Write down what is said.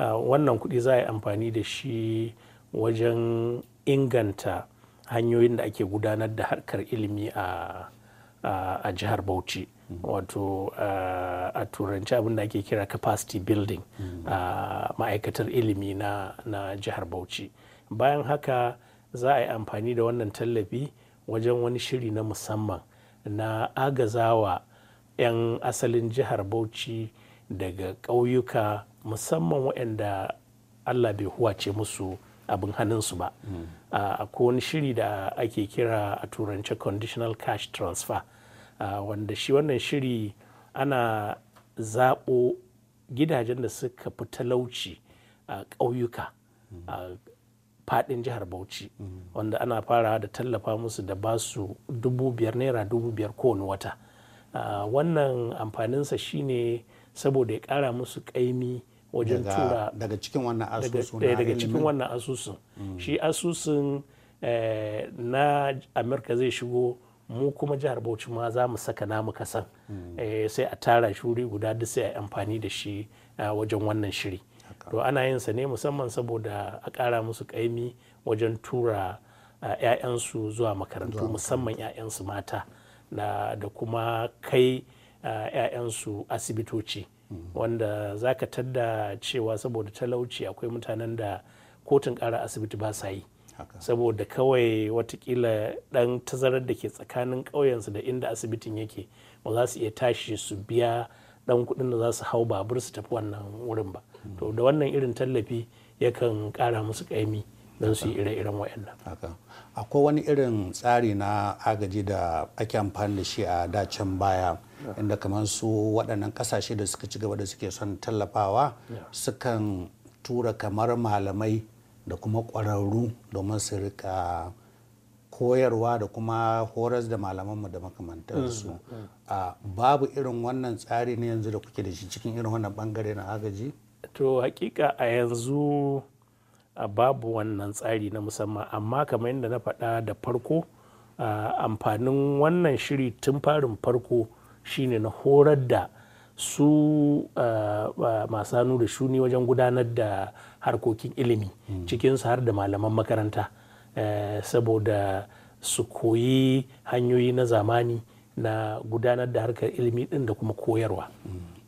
wannan kuɗi za a yi amfani da shi wajen inganta hanyoyin da ake gudanar da harkar ilimi a a jihar bauchi wato a turanci abin da ake kira capacity building a ma'aikatar ilimi na jihar bauchi bayan haka za a yi amfani da wannan tallafi wajen wani shiri na musamman na agazawa 'yan asalin jihar bauchi daga ƙauyuka musamman waɗanda allah bai huwace musu abin hannunsu ba mm. ah, akwai wani shiri da ake kira a turance conditional cash transfer ah, wanda shi wannan shiri ana zaɓo gidajen da suka fi talauci a ƙauyuka mm. a faɗin jihar bauchi mm. wanda ana fara da tallafa musu da ba su dubu biyar naira dubu biyar kowane wata ah, wannan amfaninsa shine saboda ya kara musu kaimi wajen tura daga cikin wannan asusun daga cikin wannan asusun mm. shi asusun eh, na amurka zai shigo mu kuma jihar bauchi ma za mu saka namu kasan mm. eh, sai a tara shuri guda duk sai a amfani da shi wajen wannan shiri to ana yin sa ne musamman saboda a kara musu kaimi wajen tura 'ya'yansu zuwa makarantu musamman 'ya'yansu mata da kuma kai 'ya'yansu asibitoci wanda za ka tadda cewa saboda talauci akwai mutanen da kotun ƙara asibiti ba sa yi saboda kawai watakila ɗan tazarar da ke tsakanin ƙauyensu da inda asibitin yake ba za su iya tashi su biya ɗan kuɗin da za su hau babur su tafi wannan wurin ba to da wannan irin tallafi yakan ƙara musu ƙaimi don su yi ire-iren waɗannan. akwai wani irin tsari na agaji da ake amfani da shi a dacen baya inda kamar su waɗannan ƙasashe da suka ci gaba da suke son tallafawa sukan tura kamar malamai da kuma ƙwararru domin su rika koyarwa da kuma horas da malamanmu da makamantarsu mm, mm, mm. babu irin wannan tsari ne yanzu da kuke da shi cikin irin wannan bangare na agaji to hakika a yanzu a babu wannan tsari na musamman amma kamar yadda na faɗa da farko amfanin wannan shiri tun farin farko shine na horar da su eh, eh, masu hannu da shuni wajen gudanar da harkokin ilimi hmm. cikinsu har da malaman makaranta eh, saboda su koyi hanyoyi na zamani na gudanar da harkar ilimi din da kuma koyarwa hmm.